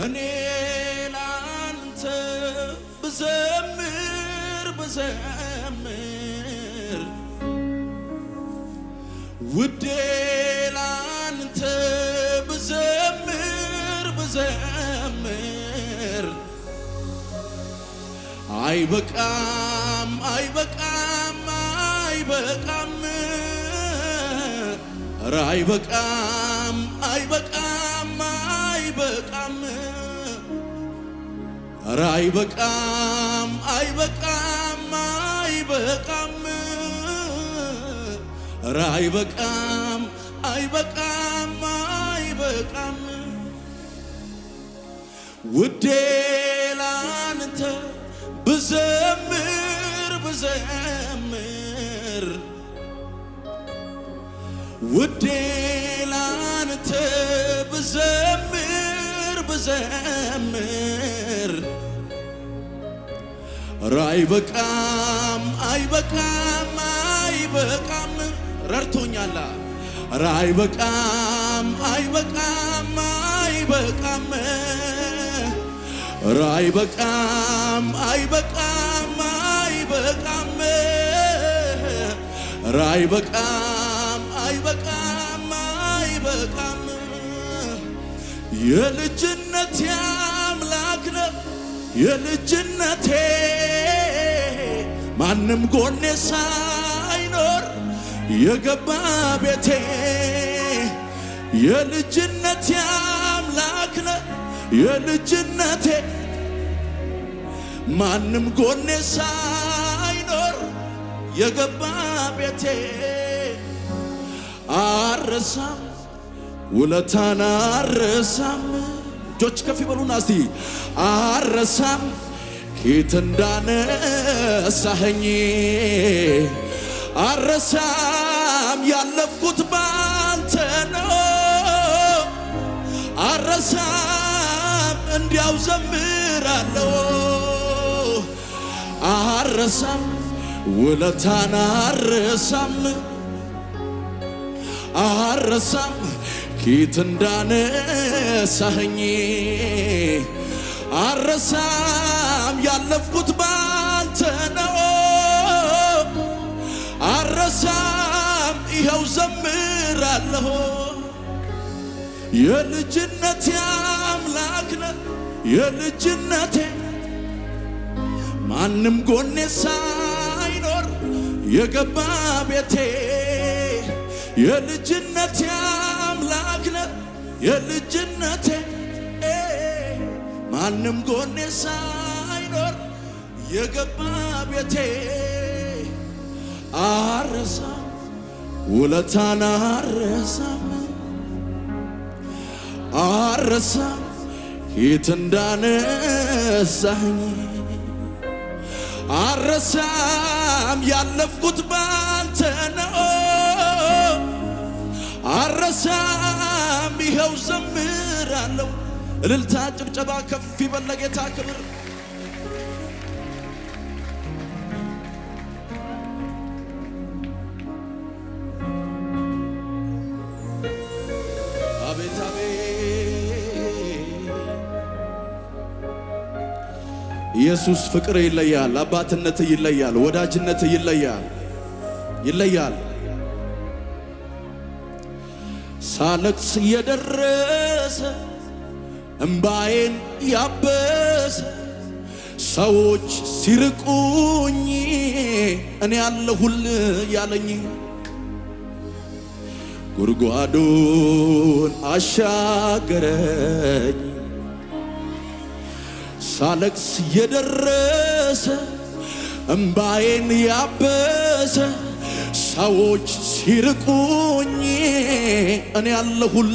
እኔ ላንተ ብዘምር ብዘምር ውዴ ላንተ ብዘምር ብዘምር አይበቃም አይበቃም አይበቃም ኧረ አይበቃም አይበቃም አይበቃም አረ አይበቃም አይበቃም አይበቃም አረ አይበቃም አይበቃም አይበቃም ውዴ ላንተ ብዘምር ብዘምር ውዴ ላንተ ብዘምር ብዘምር ኧረ አይበቃም አይበቃም አይበቃም ረድቶኛላ ኧረ አይበቃም አይበቃም አይበቃም ኧረ አይበቃም አይበቃም አይበቃም ኧረ አይበቃም አይበቃም አይበቃም የልጅነት አምላክ ነው የልጅነቴ ማንም ጎኔ ሳይኖር የገባ ቤቴ የልጅነቴ አምላክነ ነ የልጅነቴ ማንም ጎኔ ሳይኖር የገባ ቤቴ አረሳም ውለታን አረሳም እጆች ከፍ ይበሉና እስቲ አረሳም ኬት እንዳነሳኸኝ አረሳም ያለፍኩት ባንተ ነው አረሳም እንዲያው ዘምራለው አረሳም ውለታን አረሳም አረሳም ኬት እንዳነሳኸኝ አረሳም ያለፍኩት ባንተ ነው አረሳም ይኸው ዘምራለሁ የልጅነቴ አምላክ ነህ የልጅነቴ ማንም ጎኔ ሳይኖር የገባ ቤቴ የልጅነቴ አምላክነ የልጅነቴ ማንም ጎኔ ሳይኖር የገባ ቤቴ አረሳ ውለታን አረሳም አረሳ የት እንዳነሳኝ አረሳም ያለፍኩት ባንተ ነው አረሳም ይኸው ዘምር አለው። እልልታ ጭብጨባ ከፍ ይበል ለጌታ ክብር። አቤት ኢየሱስ ፍቅር ይለያል፣ አባትነት ይለያል፣ ወዳጅነት ይለያል ይለያል ሳለቅስ የደረሰ እምባዬን ያበሰ ሰዎች ሲርቁኝ እኔ ያለሁል ያለኝ ጉድጓዱን አሻገረኝ ሳለቅስ የደረሰ እምባዬን ያበሰ ሰዎች ሲርቁኝ እኔ አለሁል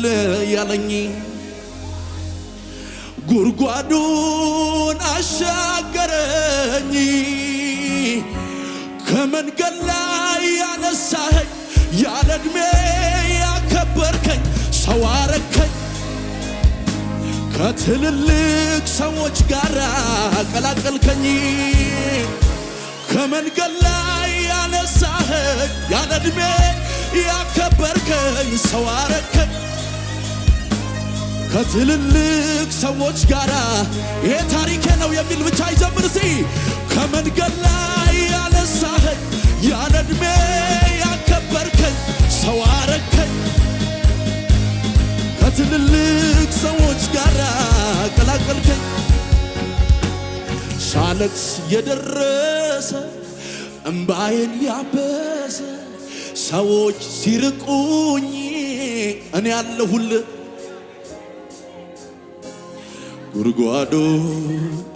ያለኝ ጉርጓዱን አሻገረኝ ከመንገድ ላይ ያነሳኸኝ ያለ ዕድሜ ያከበርከኝ ሰው አረከኝ ከትልልቅ ሰዎች ጋር ቀላቀልከኝ ከመንገድ ላይ ያነሳኸኝ ያለ ዕድሜ ያከበርከኝ ሰው አረከኝ ከትልልቅ ሰዎች ጋር ይሄ ታሪኬ ነው የሚል ብቻ ይዘምር ሲ ከመንገድ ላይ ያነሳኸኝ ያለ ዕድሜ ያከበርከኝ ሰው አረከኝ ከትልልቅ ሰዎች ጋር ቀላቀልከኝ ሳለቅስ የደረሰ እምባዬን ያበሰ ሰዎች ሲርቁኝ እኔ ያለሁል ጉርጓዶ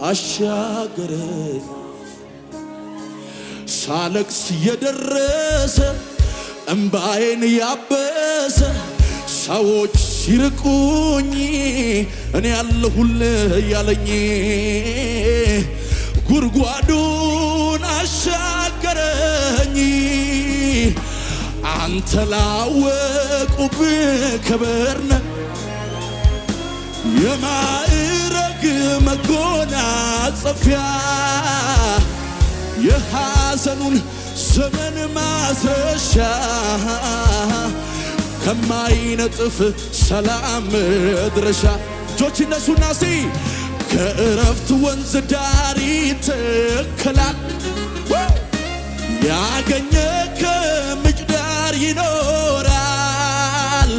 አሻገረኝ ሳለቅስ የደረሰ እምባዬን ያበሰ ሰዎች ሲርቁኝ እኔ ያለሁል እያለኝ ጉርጓዶ አንተ ላወቁብ ክብርነ የማዕረግ መጎናጸፊያ የሐዘኑን ዘመን ማስረሻ ከማይነጥፍ ሰላም መድረሻ እጆች እነሱና ሲ ከእረፍት ወንዝ ዳር ይተከላል ያገኘ ከምጭዳር ይኖራል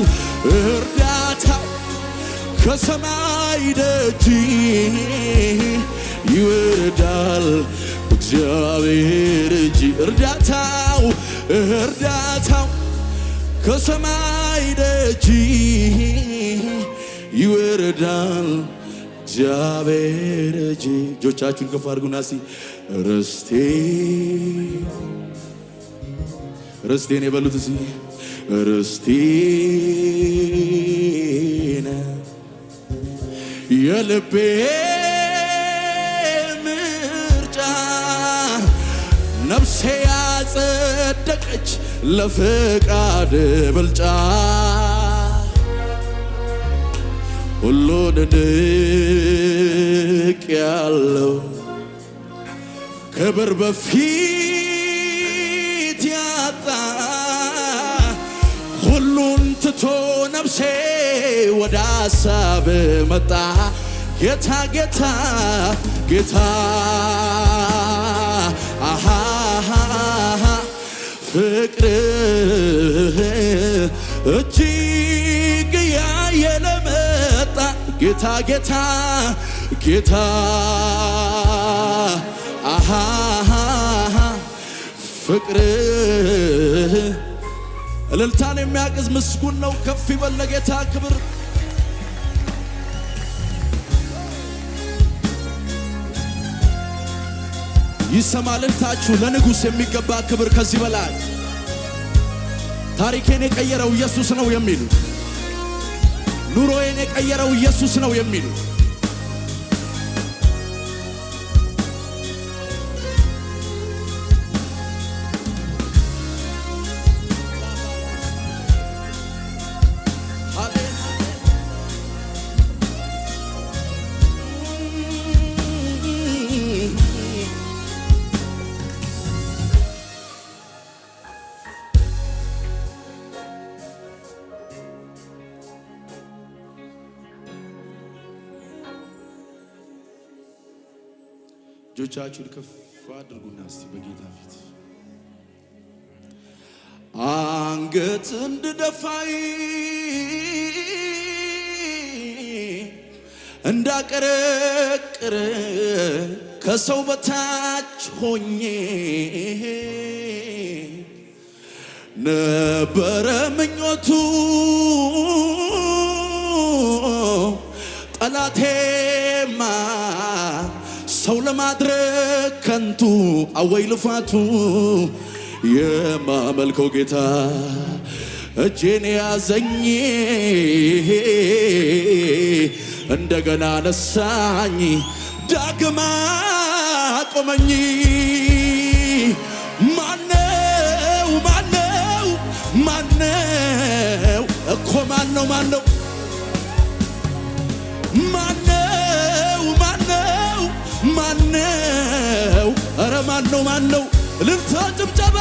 እርዳታው ከሰማይ ደጅ ይወርዳል እግዚአብሔር እጅ እርዳታው እርዳታው ከሰማይ ደጅ ይወርዳል እግዚአብሔር እጅ እጆቻችሁን ከፍ አድርጉና ሲ ርስቴ ርስቴን የበሉት ሲ ርስቴነ የልቤ ምርጫ ነፍሴ ያጸደቀች ለፍቃድ ብልጫ ሁሉን ንቅ ያለው ክብር በፊት ያጣ ሁሉን ትቶ ነፍሴ ወደ ሀሳብ መጣ። ጌታ ጌታ ጌታ ፍቅር እጅግ ያየለ ጌታ ጌታ ጌታ ፍቅር እልልታን የሚያቅዝ ምስጉን ነው። ከፍ ይበል ለጌታ ክብር። ይሰማ እልልታችሁ ለንጉሥ የሚገባ ክብር ከዚህ በላይ ታሪኬን የቀየረው ኢየሱስ ነው የሚሉ ኑሮዬን የቀየረው ኢየሱስ ነው የሚሉት እጆቻችሁን ከፍ አድርጉና እስቲ በጌታ ፊት አንገት እንድደፋይ እንዳቀረቅር ከሰው በታች ሆኜ ነበረ ምኞቱ ጠላቴማ ሰው ለማድረግ ከንቱ አወይ ልፋቱ የማመልከው ጌታ እጄን ያዘኝ እንደገና ነሳኝ ዳግማ ቆመኝ። ማነው ማነው ማነው እኮ ማነው ማነው ማን ነው ማን ነው? እልልታ ጭብጨባ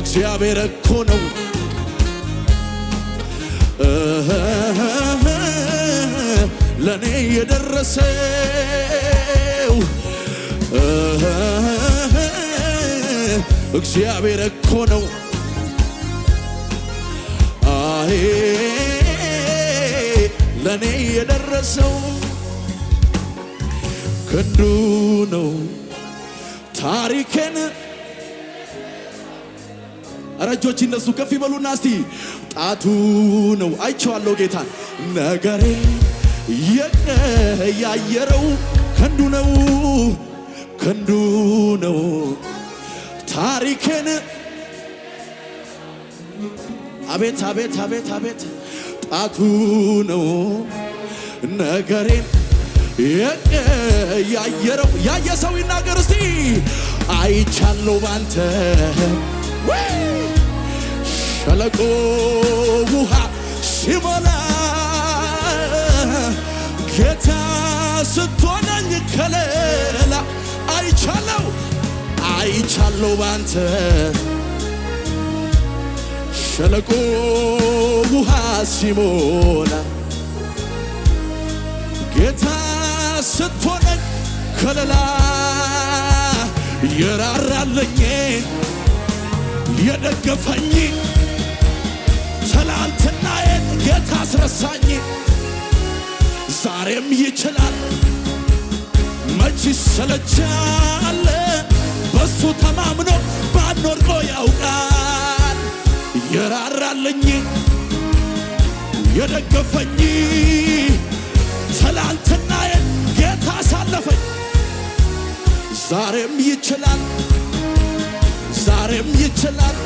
እግዚአብሔር እኮ ነው ለእኔ የደረሰው እግዚአብሔር እኮ ነው አይ ለእኔ የደረሰው ክንዱ ነው ታሪክን ረጆች እነሱ ከፍ ይበሉና እስቲ ጣቱ ነው አይቼዋለሁ ጌታን ነገሬ የቀያየረው ክንዱ ነው ክንዱ ነው ታሪክን አቤት አቤት አቤት አቤት ጣቱ ነው ነገሬን ያየረው ያየ ሰው ይናገር እስቲ አይቻለው ባንተ ሸለቆ ውሃ ሲሞላ ጌታ ስትሆነኝ ከሌላ አይቻለው አይቻለው ባንተ ሸለቆ ውሃ ሲሞላ ጌታ ስትሆነኝ ከለላ የራራለኝ የደገፈኝ ትላንትናዬን ጌታ አስረሳኝ። ዛሬም ይችላል መች ይሰለቻል? በሱ ተማምኖ ባኖርቆ ያውቃል። የራራለኝ የደገፈኝ ትላንትናዬን ካሳለፈኝ ዛሬም ይችላል፣ ዛሬም ይችላል፣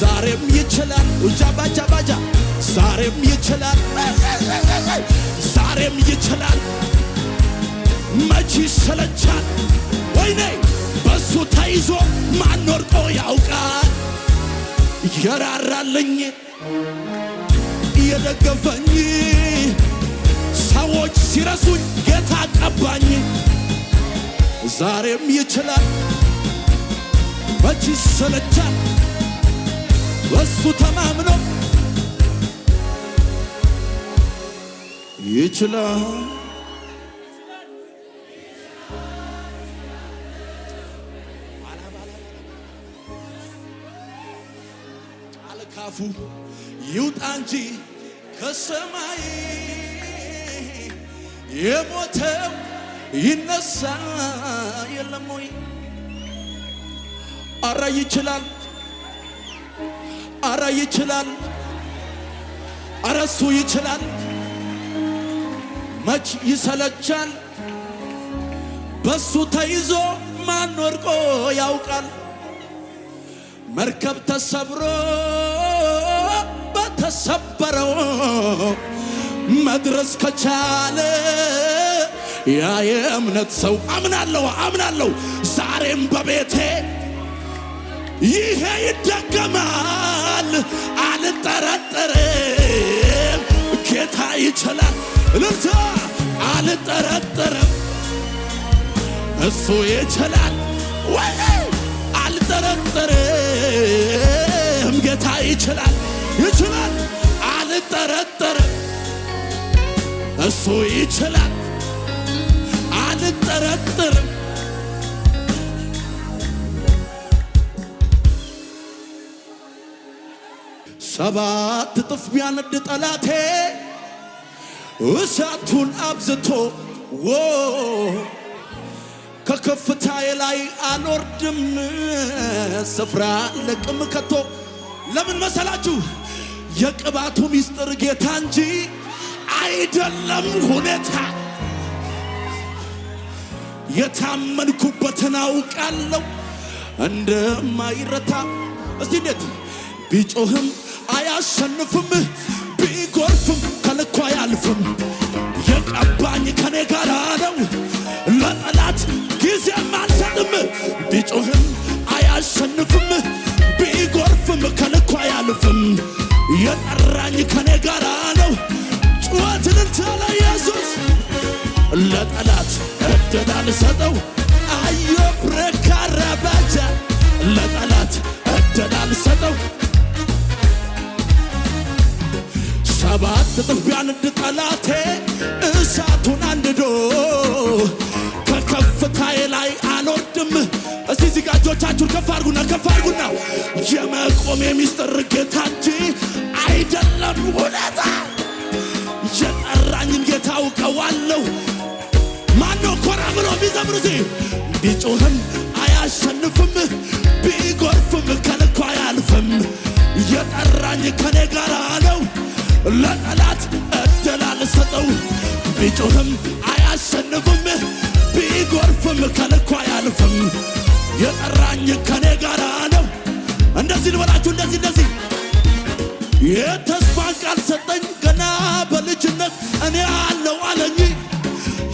ዛሬም ይችላል። ውጃ ባጃ ዛሬም ይችላል፣ ዛሬም ይችላል። መች ይሰለቻል? ወይኔ በሱ ተይዞ ማን ያውቃል? የራራልኝ የደገፈኝ ሲረሱኝ ጌታ ቀባኝ። ዛሬም ይችላል መች ይሰለቻል በሱ ተማምኖ ይችላል አልካፉ ይውጣ እንጂ ከሰማይ የሞተው ይነሳ የለም ወይ? አረ ይችላል፣ አረ ይችላል፣ አረ እሱ ይችላል። መች ይሰለቻል በሱ ተይዞ ማን ወድቆ ያውቃል? መርከብ ተሰብሮ በተሰበረው መድረስ ከቻለ ያ የእምነት ሰው አምናለሁ አምናለሁ ዛሬም በቤቴ ይሄ ይደገማል። አልጠረጠርም፣ ጌታ ይችላል። እልልታ አልጠረጠርም፣ እሱ ይችላል። ወይ አልጠረጠርም፣ ጌታ ይችላል፣ ይችላል። አልጠረጠርም እሱ ይችላል፣ አልጠረጥርም። ሰባት እጥፍ ቢያነድ ጠላቴ እሳቱን አብዝቶ ወ ከከፍታዬ ላይ አልወርድም፣ ስፍራ ለቅም ከቶ ለምን መሰላችሁ? የቅባቱ ሚስጥር ጌታ እንጂ አይደለም ሁኔታ የታመንኩበትን አውቃለሁ እንደማይረታ። እስቲ እንዴት ቢጮህም አያሸንፍም፣ ቢጎርፍም ከልኮ አያልፍም። የቀባኝ ከኔ ጋር ነው፣ ለጠላት ጊዜም አልሰጥም። ቢጮህም አያሸንፍም፣ ቢጎርፍም ከልኮ አያልፍም። የጠራኝ ከኔ ጋር ጩኸት እልልታ ለኢየሱስ ለጠላት ዕድል አልሰጠው አዮብ ረካረባጃ ለጠላት ዕድል አልሰጠው ሰባት እጥፍ ቢያንድ ጠላቴ እሳቱን አንድዶ ከከፍታዬ ላይ አልወድም። እስቲ እዚህ ጋ እጆቻችሁን ከፍ አድርጉና ከፍ አድርጉና የመቆሜ ሚስጥር ጌታ እንጂ አይደለም እውነት ከዋለው ማነው ኮራ ብሎ ቢዘምሩት ቢጮህም አያሸንፍም ቢጎርፍም ከልኩ አያልፍም የጠራኝ ከኔ ጋር አለው ለጠላት እድል አልሰጠው ቢጮህም አያሸንፍም ቢጎርፍም ከልኩ አያልፍም የጠራኝ ከኔ ጋር አለው እንደዚህ ልበላችሁ እንደዚህ እንደዚህ የተስፋን ቃል ሰጠኝ ገና ልጅነት እኔ አለው አለኝ።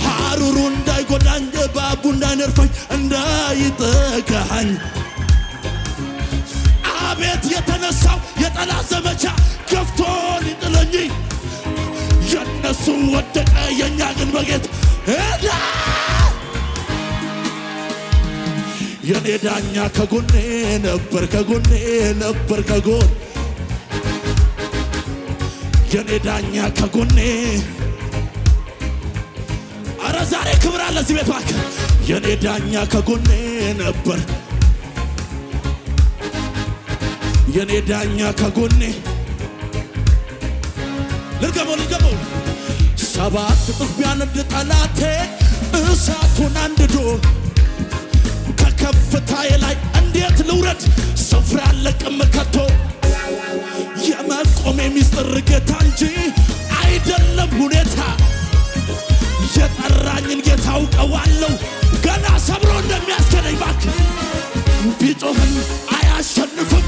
ሐሩሩ እንዳይጎዳኝ ባቡ እንዳይነርፋኝ እንዳይጠጋኝ አቤት የተነሳው የጠላት ዘመቻ ገፍቶ ሊጥለኝ የእነሱ ወደቀ የእኛ ግን በጌት የኔ ዳኛ ከጎኔ ነበር ከጎኔ ነበር ከጎን የኔ ዳኛ ከጎኔ አረ ዛሬ ክብር አለ እዚህ ቤት እባክህ። የኔ ዳኛ ከጎኔ ነበር፣ የኔ ዳኛ ከጎኔ ልርገሙ ልርገሙ ሰባት ጥቢያን እንድ ጠላቴ እሳቱን አንድዶ ከከፍታዬ ላይ እንዴት ልውረድ ስፍራ አለቅም ከቶ የመቆሜ ሚስጥር ጌታ እንጂ አይደለም ሁኔታ። የጠራኝን ጌታ አውቀዋለሁ። ገና ሰብሮ እንደሚያስከደኝ ባክ ቢጮህም አያሸንፍም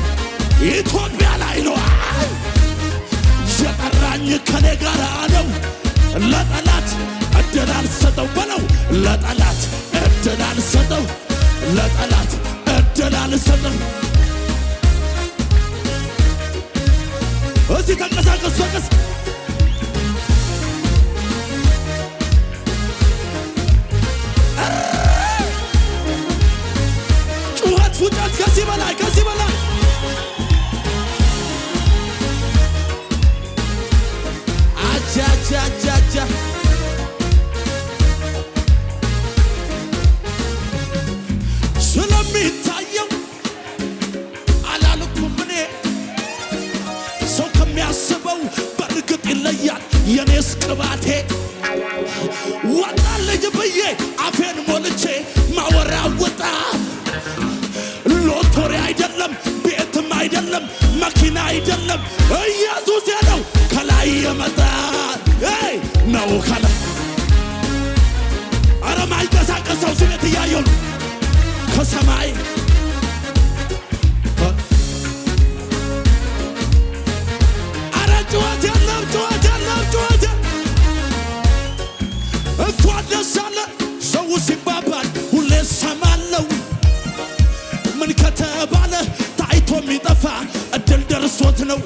ኢትዮጵያ ላይ ነው። የጠራኝ ከኔ ጋር አለው። ለጠላት እድል አልሰጠው በለው። ለጠላት እድል አልሰጠው። ለጠላት እድል አልሰጠው እስቲ ተንቀሳቀስ ተንቀስ ጩኸት ፉጨት ከዚህ በላይ ከዚህ በላይ ደርሶት ነው።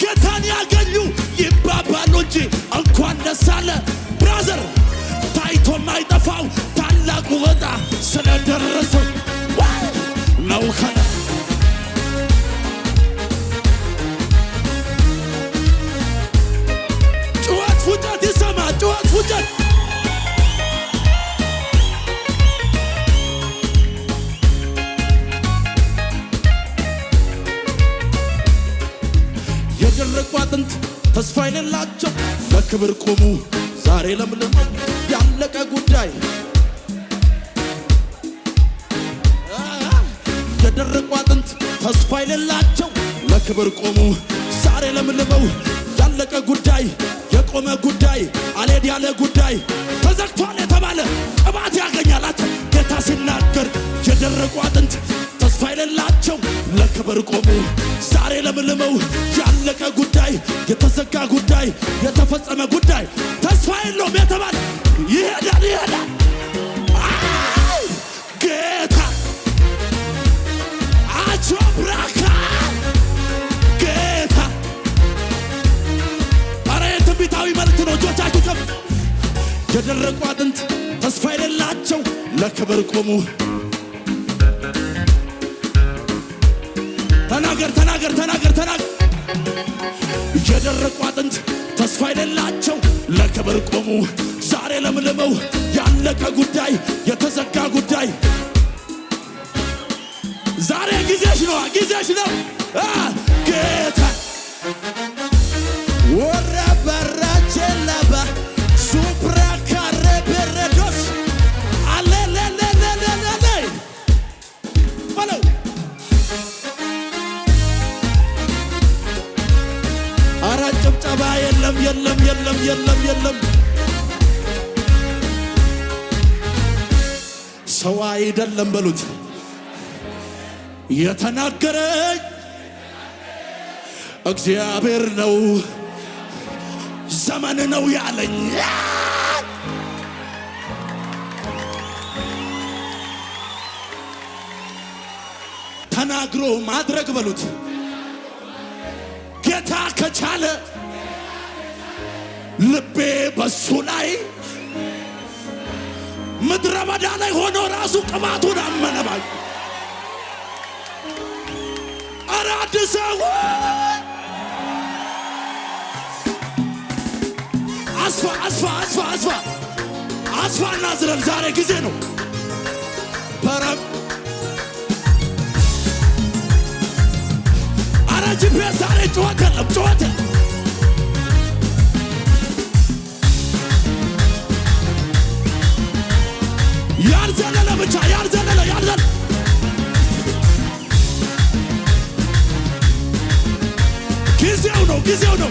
ጌታን ያገኙ ይባባሉ እንጂ እንኳን ደስ አለ ብራዘር። ታይቶ ማይጠፋው ታላቁ ወጣ ስለደረሰው ነው። ጩኸት ፉጨት ይሰማ ጩኸት ፉጨት የደረቁ አጥንት ተስፋ የሌላቸው በክብር ቆሙ ዛሬ ለምልመው ያለቀ ጉዳይ የደረቁ አጥንት ተስፋ የሌላቸው ለክብር ቆሙ ዛሬ ለምልመው ያለቀ ጉዳይ የቆመ ጉዳይ አልሄድ ያለ ጉዳይ ተዘግቷል የተባለ ቅባት ያገኛላት ጌታ ሲናገር የደረቁ አጥንት ተስፋ የሌላቸው ለክብር ቆሙ። ዛሬ ለምልመው ያለቀ ጉዳይ፣ የተዘጋ ጉዳይ፣ የተፈጸመ ጉዳይ ተስፋ የለውም የተባለ ይሄዳል ይሄዳል ጌታ አቾብራካ ጌታ አረ የትንቢታዊ መልእክት ነው። እጆቻችሁ ከፍ የደረቁ አጥንት ተስፋ የሌላቸው ለክብር ቆሙ። ተናገር ተናገር ተናገር ተናገር። የደረቁ አጥንት ተስፋ የሌላቸው ለክብር ቆሙ ዛሬ ለምልመው። ያለቀ ጉዳይ፣ የተዘጋ ጉዳይ ዛሬ ጊዜሽ ነው፣ ጊዜሽ ነው። ጌታ ወረበራቼ ለባ የለም የለም የለም የለም። ሰው አይደለም በሉት የተናገረኝ እግዚአብሔር ነው። ዘመን ነው ያለኝ ተናግሮ ማድረግ በሉት ጌታ ከቻለ ልቤ በሱ ላይ ምድረ በዳ ላይ ሆኖ ራሱ ቅባቱን አመነባ አራት ሰው አስፋ አስፋ አስፋ አስፋ አስፋ እና ዛሬ ጊዜ ነው። በረም አረ ጂፒኤስ ዛሬ ጨዋታ የለም ጨዋታ ያልዘለለ ብቻ ያልዘለለ ያልዘለለ ጊዜው ነው ጊዜው ነው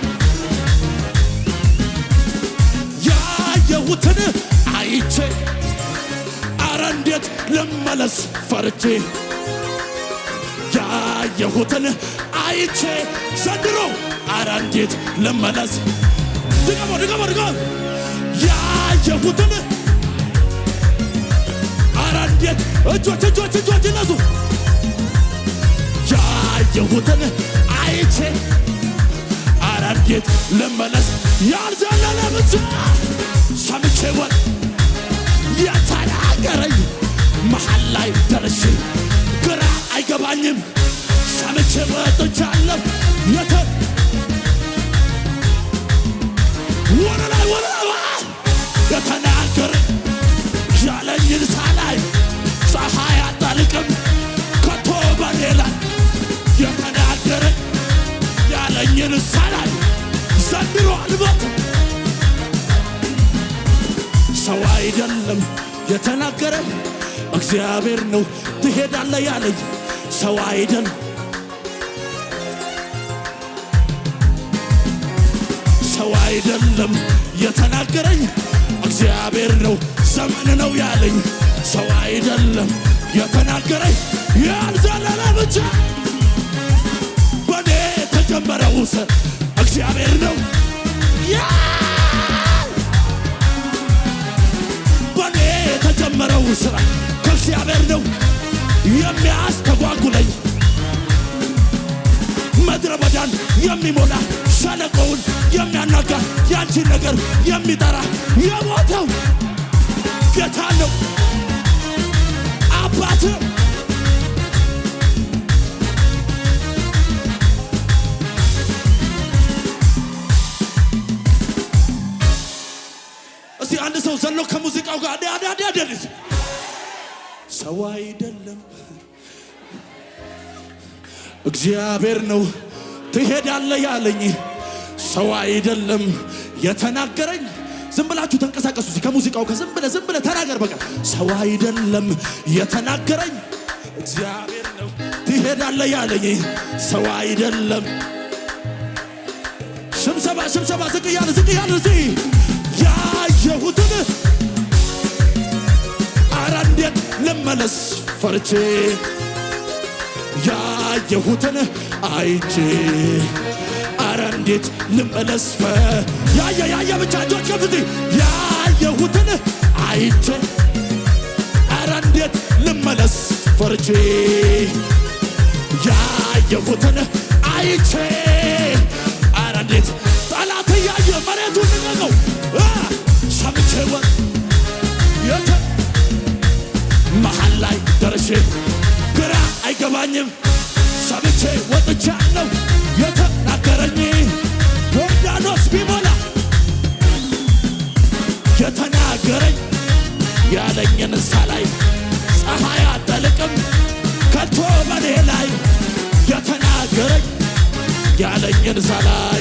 ያየሁትን አይቼ አረ እንዴት ልመለስ ፈርቼ ያየሁትን አይቼ ዘንድሮ አረ እንዴት ልመለስ ድገሞ ድገሞ ድገሞ ያየሁትን እንዴት እጆች እጆች እጆች እነሱ ያየሁትን አይቼ አረ እንዴት ልመለስ ያልዘለለ ብቻ ሰምቼ ወን የተናገረኝ መሃል ላይ ደርሼ ግራ አይገባኝም ሰምቼ ወጥቻለሁ የተ ወደ ላይ ወደ ላይ የተናገረኝ አይደለም የተናገረኝ እግዚአብሔር ነው። ትሄዳለ ያለኝ ሰው አይደል ሰው አይደለም የተናገረኝ እግዚአብሔር ነው። ዘመን ነው ያለኝ ሰው አይደለም የተናገረኝ ያልዘለለ ብቻ በኔ የተጀመረው እግዚአብሔር ነው። የጀመረው ስራ ከእግዚአብሔር ነው የሚያስተጓጉለኝ ምድረ በዳን የሚሞላ ሸለቆውን የሚያናጋ ያንቺን ነገር የሚጠራ የሞተው ጌታ ነው አባት ዘሎ ከሙዚቃው ጋር አዳዲ አደልት ሰው አይደለም እግዚአብሔር ነው ትሄዳለ ያለኝ ሰው አይደለም የተናገረኝ። ዝም ብላችሁ ተንቀሳቀሱ ከሙዚቃው ከዝም ብለ ዝም ብለ ተናገር በቃ ሰው አይደለም የተናገረኝ እግዚአብሔር ነው ትሄዳለ ያለኝ ሰው አይደለም። ስብሰባ ስብሰባ ዝቅ ያለ ዝቅ እዚህ ያየሁትን አረ እንዴት ልመለስ ፈርቼ ያየሁትን አይቼ አረ እንዴት ልመለስ ፈ ያየ ያየ ብቻ እጆች ከፍቲ ያየሁትን አይቼ አረ እንዴት ልመለስ ፈርቼ ያየሁትን አይቼ ወቅት የተ መሃል ላይ ደርሼ ግራ አይገባኝም ሰምቼ ወጥቻለሁ የተናገረኝ ዮርዳኖስ ቢሞላ የተናገረኝ ያለኝን ሳላይ ፀሐይ አጠልቅም ከቶ በኔ ላይ የተናገረኝ ያለኝን ሳላይ